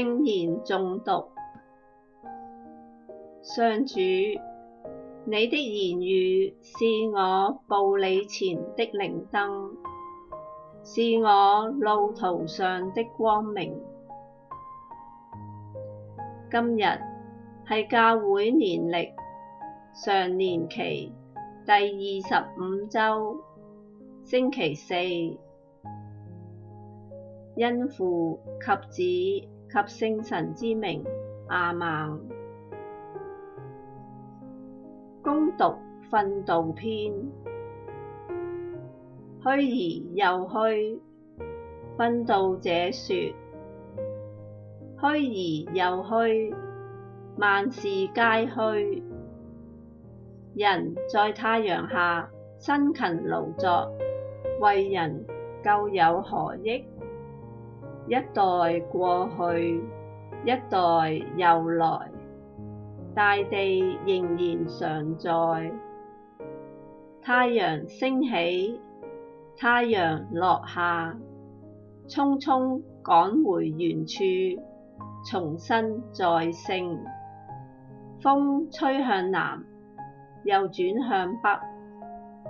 經言誦讀。上主，你的言語是我步履前的靈燈，是我路途上的光明。今日係教會年曆常年期第二十五周星期四，因父及子。及聖神之名阿孟，恭讀訓道篇，虛而又虛，訓道者説：虛而又虛，萬事皆虛。人在太陽下辛勤勞作，為人究有何益？一代過去，一代又來，大地仍然常在。太陽升起，太陽落下，匆匆趕回原處，從新再升。風吹向南，又轉向北，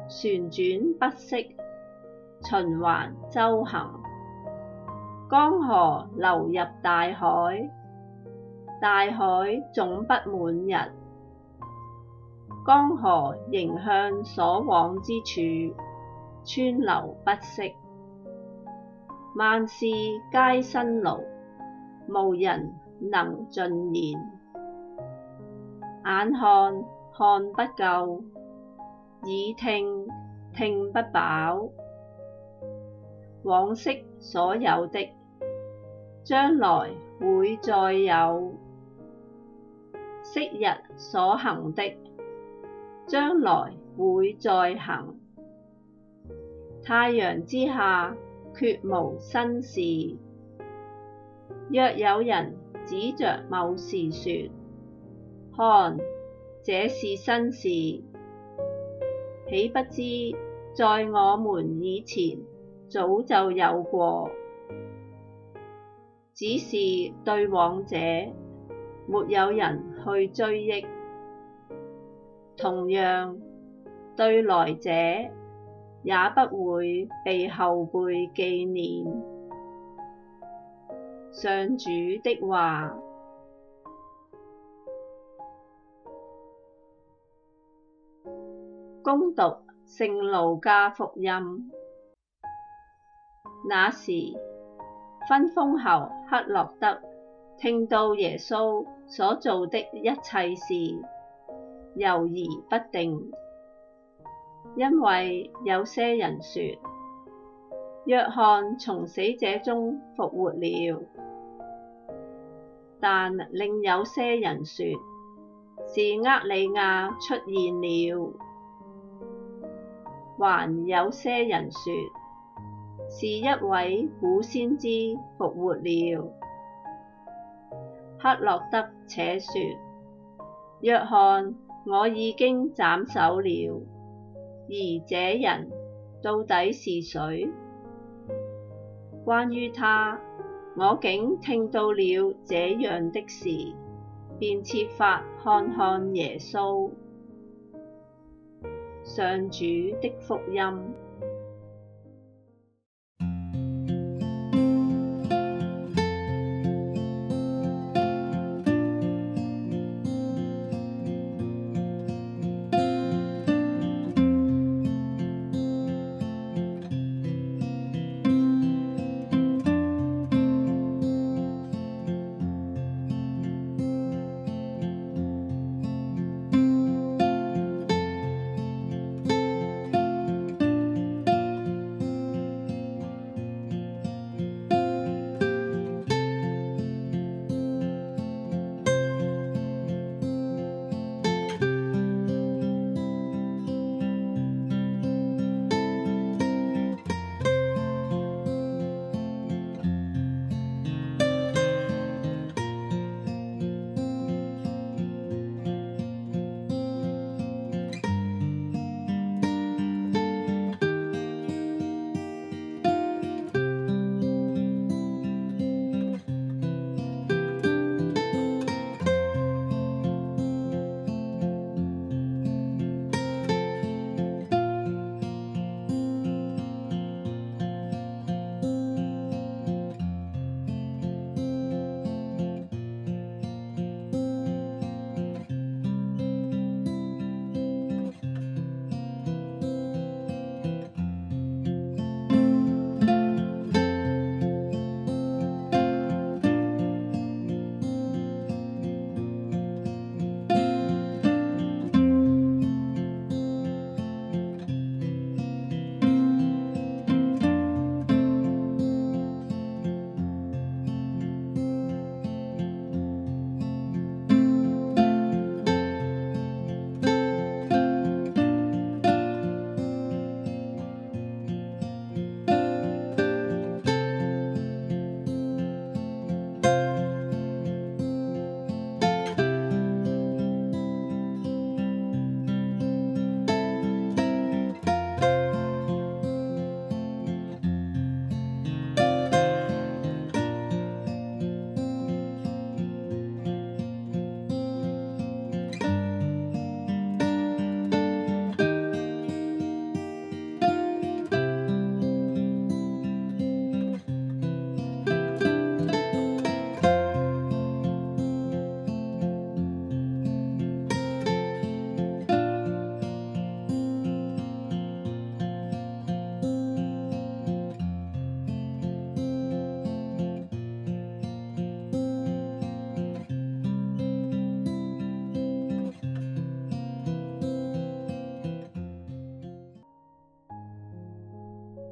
旋轉不息，循環周行。江河流入大海，大海總不滿溢；江河仍向所往之處，川流不息。萬事皆辛勞，無人能盡言。眼看看不夠，耳聽聽不飽。往昔所有的，將來會再有，昔日所行的，將來會再行。太陽之下，決無新事。若有人指着某事説：看，這是新事，豈不知在我們以前早就有過？只是對往者，沒有人去追憶；同樣對來者，也不會被後輩記念。上主的話。恭讀聖路加福音。那時，分封侯，黑落德聽到耶穌所做的一切事，猶疑不定，因為有些人說若翰從死者中復活了，但另有些人說是厄里亞出現了，還有些人說。是一位古先知復活了。黑落德且說：若翰，我已經斬首了，而這人到底是誰？關於他，我竟聽到了這樣的事，便設法看看耶穌。上主的福音。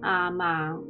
阿媽。